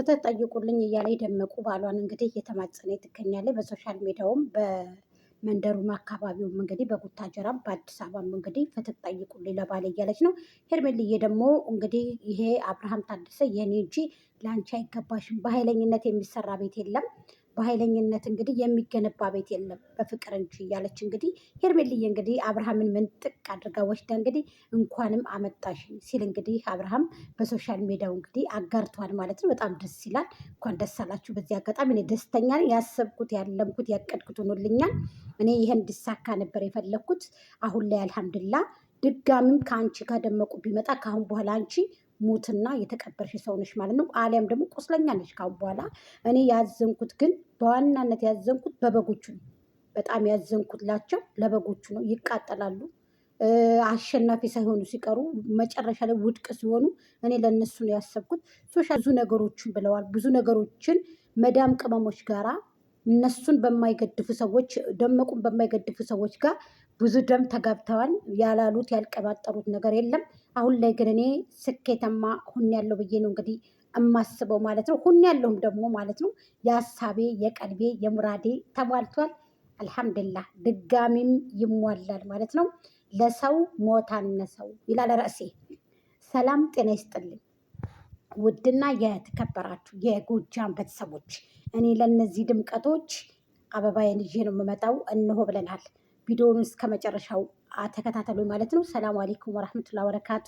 ፍትህ ጠይቁልኝ እያለ ደመቁ ባሏን እንግዲህ እየተማጸነ ትገኛለች። በሶሻል ሚዲያውም በመንደሩም አካባቢውም እንግዲህ በቡታጀራም በአዲስ አበባም እንግዲህ ፍትህ ጠይቁልኝ ለባል እያለች ነው። ሄርሜልዬ ደግሞ እንግዲህ ይሄ አብርሃም ታደሰ የኔ እንጂ ለአንቺ አይገባሽም፣ በኃይለኝነት የሚሰራ ቤት የለም በኃይለኝነት እንግዲህ የሚገነባ ቤት የለም በፍቅር እንጂ እያለች እንግዲህ ሄርሜልዬ እንግዲህ አብርሃምን ምንጥቅ አድርጋ ወስዳ እንግዲህ እንኳንም አመጣሽ ሲል እንግዲህ አብርሃም በሶሻል ሚዲያው እንግዲህ አጋርቷል ማለት ነው። በጣም ደስ ይላል። እንኳን ደስ አላችሁ። በዚህ አጋጣሚ እኔ ደስተኛ ያሰብኩት ያለምኩት ያቀድኩት ሆኖልኛል። እኔ ይህን እንዲሳካ ነበር የፈለግኩት። አሁን ላይ አልሐምድላ ድጋሚም ከአንቺ ከደመቁ ደመቁ ቢመጣ ከአሁን በኋላ አንቺ ሙትና የተቀበርሽ ሰው ነሽ ማለት ነው። አሊያም ደግሞ ቁስለኛ ነሽ። ካሁን በኋላ እኔ ያዘንኩት ግን በዋናነት ያዘንኩት በበጎቹ ነው። በጣም ያዘንኩላቸው ለበጎቹ ነው። ይቃጠላሉ። አሸናፊ ሳይሆኑ ሲቀሩ መጨረሻ ላይ ውድቅ ሲሆኑ እኔ ለእነሱ ነው ያሰብኩት። ሶሻል ብዙ ነገሮችን ብለዋል። ብዙ ነገሮችን መዳም ቅመሞች ጋራ እነሱን በማይገድፉ ሰዎች ደመቁን በማይገድፉ ሰዎች ጋር ብዙ ደም ተጋብተዋል። ያላሉት ያልቀባጠሩት ነገር የለም። አሁን ላይ ግን እኔ ስኬታማ ሁን ያለው ብዬ ነው እንግዲህ እማስበው ማለት ነው። ሁን ያለውም ደግሞ ማለት ነው የሀሳቤ የቀልቤ የሙራዴ ተሟልቷል። አልሐምዱሊላህ ድጋሚም ይሟላል ማለት ነው። ለሰው ሞታነ ሰው ይላል ርዕሴ። ሰላም ጤና ይስጥልኝ ውድና የተከበራችሁ የጎጃም ቤተሰቦች፣ እኔ ለእነዚህ ድምቀቶች አበባዬን ይዤ ነው የምመጣው። እንሆ ብለናል። ቪዲዮውን እስከ መጨረሻው ተከታተሉ ማለት ነው። ሰላም አሌይኩም ወራህመቱላ ወበረካቱ።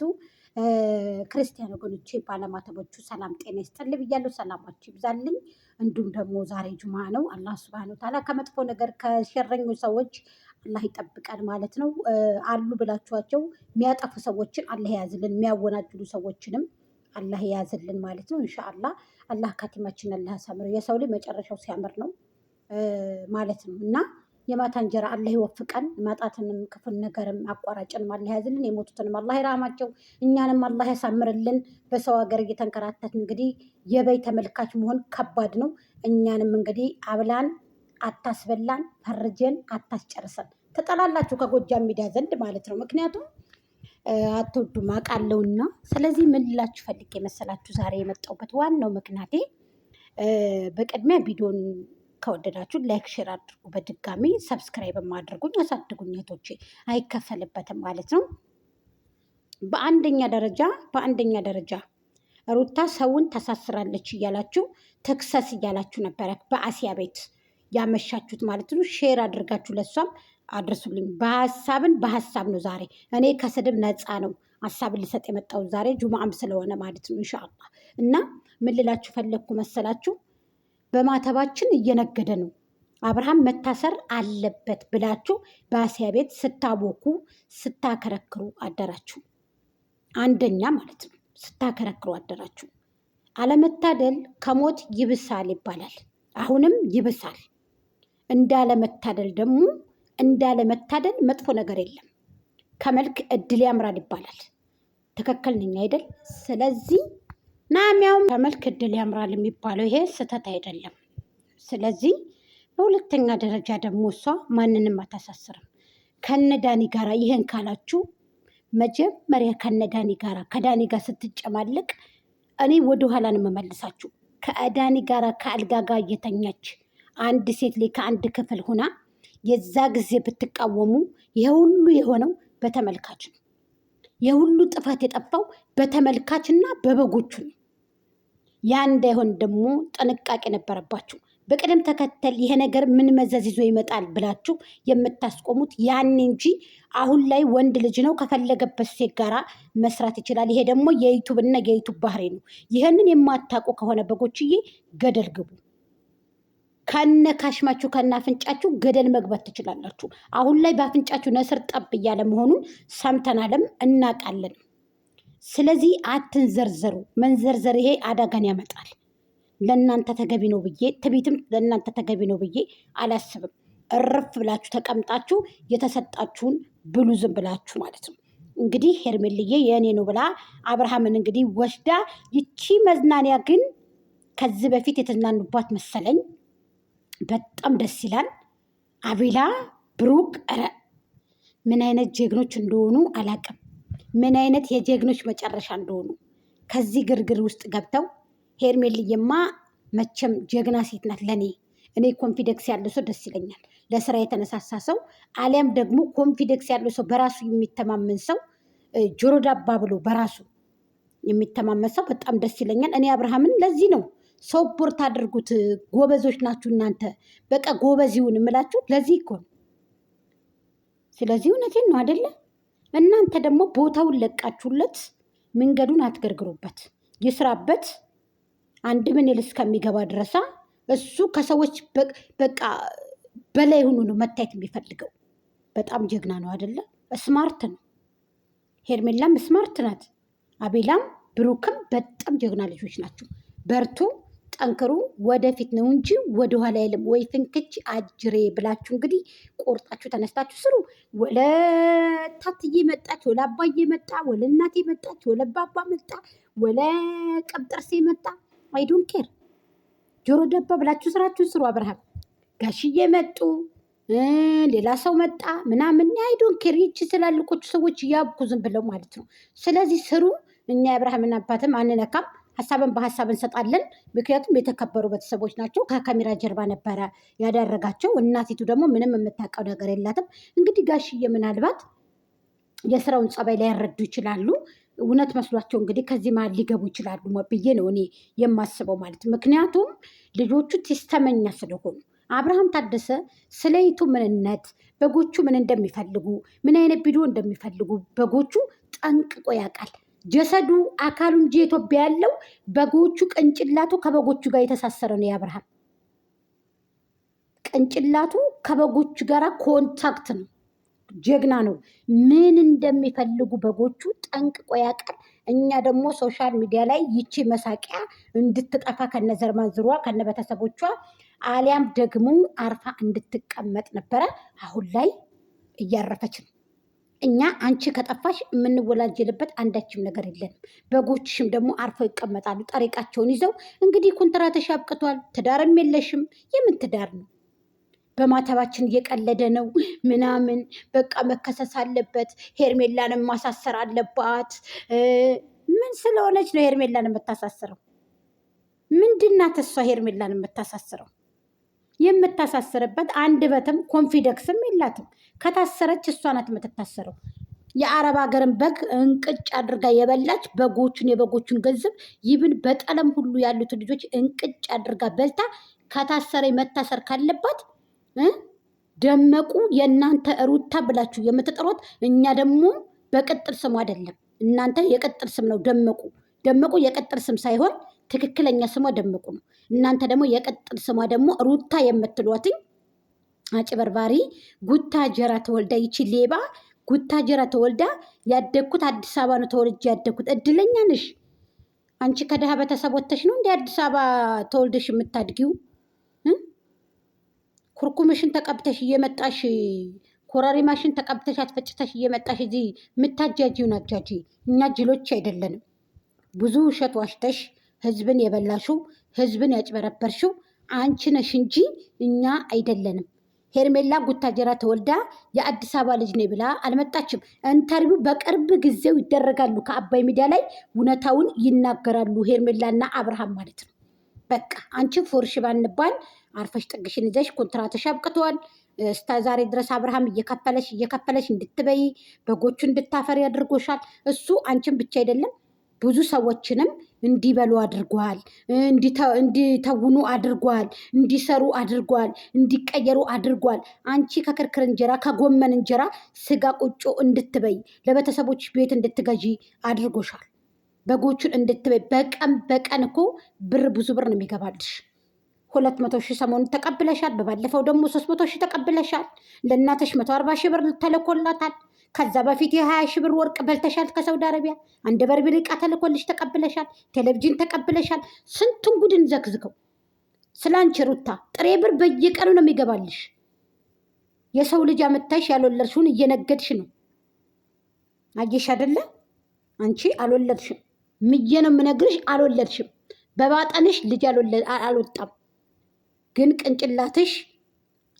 ክርስቲያን ወገኖች ባለማተቦቹ ሰላም ጤና ይስጥል ብያለሁ። ሰላማችሁ ይብዛልኝ። እንዲሁም ደግሞ ዛሬ ጁማ ነው። አላህ ስብሃነ ወተዓላ ከመጥፎ ነገር ከሸረኙ ሰዎች አላህ ይጠብቀን ማለት ነው። አሉ ብላችኋቸው የሚያጠፉ ሰዎችን አላህ የያዝልን፣ የሚያወናጅሉ ሰዎችንም አላህ የያዝልን ማለት ነው። እንሻአላ አላህ ካቲማችን አላህ ያሳምር። የሰው ልጅ መጨረሻው ሲያምር ነው ማለት ነው እና የማታ እንጀራ አላህ ይወፍቀን። ማጣትንም ክፉን ነገርም አቋራጭንም አላህ ያዝልን። የሞቱትንም አላህ ይራማቸው። እኛንም አላህ ያሳምርልን። በሰው ሀገር እየተንከራተት እንግዲህ የበይ ተመልካች መሆን ከባድ ነው። እኛንም እንግዲህ አብላን አታስበላን፣ ፈርጀን አታስጨርሰን። ተጠላላችሁ ከጎጃም ሚዲያ ዘንድ ማለት ነው። ምክንያቱም አትወዱም አውቃለሁና። ስለዚህ ምን ልላችሁ ፈልጌ መሰላችሁ ዛሬ የመጣሁበት ዋናው ምክንያቴ በቅድሚያ ቪዲዮን ከወደዳችሁ ላይክ፣ ሼር አድርጉ። በድጋሚ ሰብስክራይብ አድርጉኝ፣ አሳድጉኝ እህቶቼ፣ አይከፈልበትም ማለት ነው። በአንደኛ ደረጃ በአንደኛ ደረጃ ሩታ ሰውን ተሳስራለች እያላችሁ ተክሰስ እያላችሁ ነበረ በአሲያ ቤት ያመሻችሁት ማለት ነው። ሼር አድርጋችሁ ለሷም አድርሱልኝ። በሀሳብን በሀሳብ ነው። ዛሬ እኔ ከስድብ ነፃ ነው ሀሳብን ልሰጥ የመጣው ዛሬ ጁማም ስለሆነ ማለት ነው። እንሻላ እና ምን ልላችሁ ፈለግኩ መሰላችሁ? በማተባችን እየነገደ ነው። አብርሃም መታሰር አለበት ብላችሁ በአሲያ ቤት ስታቦኩ ስታከረክሩ አደራችሁ። አንደኛ ማለት ነው ስታከረክሩ አደራችሁ። አለመታደል ከሞት ይብሳል ይባላል። አሁንም ይብሳል። እንዳለመታደል ደግሞ እንዳለመታደል መጥፎ ነገር የለም። ከመልክ እድል ያምራል ይባላል። ትክክል ነኝ አይደል? ስለዚህ ናሚያውም ከመልክ እድል ያምራል የሚባለው ይሄ ስህተት አይደለም። ስለዚህ በሁለተኛ ደረጃ ደግሞ እሷ ማንንም አታሳስርም። ከነዳኒ ጋራ ይህን ካላችሁ መጀመሪያ ከነዳኒ ጋራ ከዳኒ ጋር ስትጨማልቅ እኔ ወደኋላ ነው የምመልሳችሁ። ከዳኒ ጋራ ከአልጋ ጋር እየተኛች አንድ ሴት ላይ ከአንድ ክፍል ሁና የዛ ጊዜ ብትቃወሙ የሁሉ የሆነው በተመልካች ነው። የሁሉ ጥፋት የጠፋው በተመልካችና በበጎቹ ነው። ያ እንዳይሆን ደግሞ ጥንቃቄ ነበረባችሁ። በቅደም ተከተል ይሄ ነገር ምን መዘዝ ይዞ ይመጣል ብላችሁ የምታስቆሙት ያን እንጂ አሁን ላይ ወንድ ልጅ ነው ከፈለገበት ሴት ጋራ መስራት ይችላል። ይሄ ደግሞ የዩቱብ እና የዩቱብ ባህሪ ነው። ይህንን የማታውቁ ከሆነ በጎችዬ ገደል ግቡ። ከነ ካሽማችሁ ከነ አፍንጫችሁ ገደል መግባት ትችላላችሁ። አሁን ላይ በአፍንጫችሁ ነስር ጠብ እያለ መሆኑን ሰምተናልም እናውቃለን። ስለዚህ አትንዘርዘሩ። መንዘርዘር ይሄ አደጋን ያመጣል። ለእናንተ ተገቢ ነው ብዬ ትቢትም ለእናንተ ተገቢ ነው ብዬ አላስብም። እርፍ ብላችሁ ተቀምጣችሁ የተሰጣችሁን ብሉ፣ ዝም ብላችሁ ማለት ነው። እንግዲህ ሄርሜልዬ የእኔ ነው ብላ አብርሃምን እንግዲህ ወስዳ፣ ይቺ መዝናኒያ ግን ከዚህ በፊት የተዝናኑባት መሰለኝ። በጣም ደስ ይላል። አቤላ ብሩክ፣ ኧረ ምን አይነት ጀግኖች እንደሆኑ አላውቅም። ምን አይነት የጀግኖች መጨረሻ እንደሆኑ ከዚህ ግርግር ውስጥ ገብተው ሄርሜልየማ መቼም ጀግና ሴት ናት ለእኔ እኔ ኮንፊደንስ ያለው ሰው ደስ ይለኛል። ለስራ የተነሳሳ ሰው አሊያም ደግሞ ኮንፊደንስ ያለው ሰው በራሱ የሚተማመን ሰው ጆሮ ዳባ ብሎ በራሱ የሚተማመን ሰው በጣም ደስ ይለኛል። እኔ አብርሃምን ለዚህ ነው ሰፖርት አድርጉት። ጎበዞች ናችሁ እናንተ በቃ ጎበዝ ይሁን የምላችሁ ለዚህ እኮ ነው። ስለዚህ እውነቴን ነው አይደለም እናንተ ደግሞ ቦታውን ለቃችሁለት መንገዱን አትገርግሩበት፣ ይስራበት። አንድ ምንል እስከሚገባ ድረሳ እሱ ከሰዎች በቃ በላይ ሆኖ ነው መታየት የሚፈልገው። በጣም ጀግና ነው አደለ? ስማርት ነው። ሄርሜላም ስማርት ናት። አቤላም ብሩክም በጣም ጀግና ልጆች ናቸው። በርቱ። ጠንክሩ። ወደፊት ነው እንጂ ወደኋላ የለም። ወይ ፍንክች አጅሬ ብላችሁ እንግዲህ ቆርጣችሁ ተነስታችሁ ስሩ። ወለታትዬ መጣች፣ ወለአባዬ መጣ፣ ወለእናቴ መጣች፣ ወለባባ መጣ፣ ወለቀብጠርሴ መጣ፣ አይዶን ኬር ጆሮ ደባ ብላችሁ ስራችሁን ስሩ። አብርሃም ጋሽዬ መጡ፣ ሌላ ሰው መጣ ምናምን አይዶን ኬር። ይቺ ስላልቆቹ ሰዎች እያብኩ ዝም ብለው ማለት ነው። ስለዚህ ስሩ። እኛ የአብርሃምን አባትም አንነካም። ሀሳብን በሀሳብ እንሰጣለን። ምክንያቱም የተከበሩ ቤተሰቦች ናቸው። ከካሜራ ጀርባ ነበረ ያደረጋቸው። እናቲቱ ደግሞ ምንም የምታውቀው ነገር የላትም። እንግዲህ ጋሽዬ ምናልባት የስራውን ጸባይ ላይረዱ ይችላሉ። እውነት መስሏቸው እንግዲህ ከዚህ መሀል ሊገቡ ይችላሉ ብዬ ነው እኔ የማስበው ማለት ምክንያቱም ልጆቹ ቴስተመኛ ስለሆኑ አብርሃም ታደሰ ስለይቱ ምንነት በጎቹ ምን እንደሚፈልጉ ምን አይነት ቪዲዮ እንደሚፈልጉ በጎቹ ጠንቅቆ ያውቃል። ጀሰዱ አካሉ እንጂ የኢትዮጵያ ያለው በጎቹ ቅንጭላቱ ከበጎቹ ጋር የተሳሰረ ነው። የአብርሃም ቅንጭላቱ ከበጎቹ ጋር ኮንታክት ነው። ጀግና ነው። ምን እንደሚፈልጉ በጎቹ ጠንቅቆ ቆያቀር እኛ ደግሞ ሶሻል ሚዲያ ላይ ይቺ መሳቂያ እንድትጠፋ ከነ ዘርማንዝሯ ከነ ቤተሰቦቿ አሊያም ደግሞ አርፋ እንድትቀመጥ ነበረ። አሁን ላይ እያረፈች ነው። እኛ አንቺ ከጠፋሽ የምንወላጀልበት አንዳችም ነገር የለንም። በጎችሽም ደግሞ አርፈው ይቀመጣሉ ጠሪቃቸውን ይዘው። እንግዲህ ኮንትራትሽ አብቅቷል፣ ትዳርም የለሽም። የምን ትዳር ነው? በማተባችን እየቀለደ ነው ምናምን በቃ መከሰስ አለበት። ሄርሜላንም ማሳሰር አለባት። ምን ስለሆነች ነው ሄርሜላን የምታሳስረው? ምንድናት እሷ ሄርሜላን የምታሳስረው? የምታሳስርበት በትም ኮንፊደክስም የላትም። ከታሰረች እሷ ናት የምትታሰረው። የአረብ ሀገርን በግ እንቅጭ አድርጋ የበላች በጎቹን የበጎቹን ገንዘብ ይብን በጠለም ሁሉ ያሉት ልጆች እንቅጭ አድርጋ በልታ ከታሰረ መታሰር ካለባት ደመቁ የእናንተ ሩታ ብላችሁ የምትጠሯት እኛ ደግሞ በቅጥል ስሙ አይደለም። እናንተ የቅጥል ስም ነው ደመቁ። ደመቁ የቅጥል ስም ሳይሆን ትክክለኛ ስሟ ደምቁ ነው። እናንተ ደግሞ የቀጥል ስሟ ደግሞ ሩታ የምትሏትኝ አጭበርባሪ ጀራ ተወልዳ ይቺ ሌባ ጉታ ጀራ ተወልዳ ያደግኩት አዲስ አበባ ነው ተወልጅ ያደግኩት። እድለኛ ነሽ አንቺ። ከድሃ ቤተሰብ ወተሽ ነው እንዲህ አዲስ አበባ ተወልደሽ የምታድጊው። ኩርኩምሽን ተቀብተሽ እየመጣሽ ኮረሪማሽን ተቀብተሽ አትፈጭተሽ እየመጣሽ እዚህ የምታጃጂውን አጃጂ። እኛ ጅሎች አይደለንም። ብዙ ውሸት ዋሽተሽ ህዝብን የበላሽው ህዝብን ያጭበረበርሽው አንቺ ነሽ እንጂ እኛ አይደለንም። ሄርሜላ ጉታጀራ ተወልዳ የአዲስ አበባ ልጅ ነኝ ብላ አልመጣችም። ኢንተርቪው በቅርብ ጊዜው ይደረጋሉ። ከአባይ ሚዲያ ላይ እውነታውን ይናገራሉ። ሄርሜላና አብርሃም ማለት ነው። በቃ አንቺ ፎርሽ ባንባል አርፈሽ ጥግሽን ይዘሽ ኮንትራትሽ አብቅተዋል። እስከ ዛሬ ድረስ አብርሃም እየከፈለሽ እየከፈለሽ እንድትበይ በጎቹ እንድታፈሪ ያድርጎሻል። እሱ አንቺን ብቻ አይደለም ብዙ ሰዎችንም እንዲበሉ አድርጓል፣ እንዲተውኑ አድርጓል፣ እንዲሰሩ አድርጓል፣ እንዲቀየሩ አድርጓል። አንቺ ከክርክር እንጀራ ከጎመን እንጀራ ስጋ ቁጮ እንድትበይ ለቤተሰቦች ቤት እንድትገዢ አድርጎሻል። በጎቹን እንድትበይ በቀን በቀን እኮ ብር ብዙ ብር ነው የሚገባልሽ። ሁለት መቶ ሺህ ሰሞኑን ተቀብለሻል። በባለፈው ደግሞ ሶስት መቶ ሺህ ተቀብለሻል። ለእናትሽ መቶ አርባ ሺህ ብር ተልኮላታል። ከዛ በፊት የሀያ ሺህ ብር ወርቅ በልተሻል፣ ከሳውዲ አረቢያ አንድ በርሜል ዕቃ ተልኮልሽ ተቀብለሻል፣ ቴሌቪዥን ተቀብለሻል። ስንቱን ጉድን ዘግዝገው ስላንቺ ሩታ ጥሬ ብር በየቀኑ ነው የሚገባልሽ። የሰው ልጅ አመታሽ ያልወለድሽውን እየነገድሽ ነው። አየሽ አይደለ? አንቺ አልወለድሽም። ምዬ ነው የምነግርሽ፣ አልወለድሽም። በባጠንሽ ልጅ አልወጣም። ግን ቅንጭላትሽ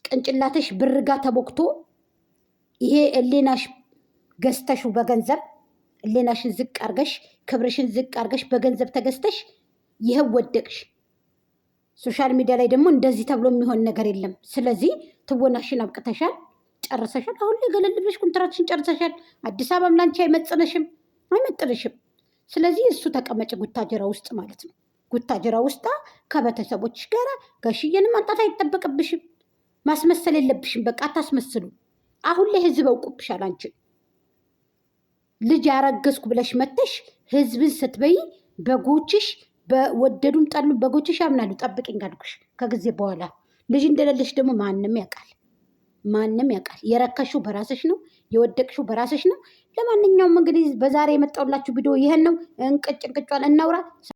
ቅንጭላትሽ ብርጋ ተቦክቶ ይሄ ሌናሽ ገዝተሹ በገንዘብ ሌናሽን ዝቅ አርገሽ ክብርሽን ዝቅ አርገሽ በገንዘብ ተገዝተሽ ይኸው ወደቅሽ። ሶሻል ሚዲያ ላይ ደግሞ እንደዚህ ተብሎ የሚሆን ነገር የለም። ስለዚህ ትወናሽን አብቅተሻል፣ ጨርሰሻል። አሁን ላይ ገለል ብለሽ ኮንትራትሽን ጨርሰሻል። አዲስ አበባም ላንቺ አይመጥንሽም፣ አይመጥንሽም። ስለዚህ እሱ ተቀመጭ ጉታጀራ ውስጥ ማለት ነው። ጉታጀራ ውስጣ ከቤተሰቦች ጋር ጋሽዬን አንጣት አይጠበቅብሽም። ማስመሰል የለብሽም። በቃ አታስመስሉ። አሁን ላይ ህዝብ አውቁብሻል አንቺን ልጅ ያረገዝኩ ብለሽ መተሽ ህዝብን ስትበይ በጎችሽ በወደዱም ጠሉ በጎችሽ ያምናሉ። ጠብቅኝ አልኩሽ። ከጊዜ በኋላ ልጅ እንደሌለሽ ደግሞ ማንም ያውቃል፣ ማንም ያውቃል። የረከሽው በራስሽ ነው፣ የወደቅሽው በራስሽ ነው። ለማንኛውም እንግዲህ በዛሬ የመጣሁላችሁ ቪዲዮ ይህን ነው። እንቅጭ እንቅጫል እናውራ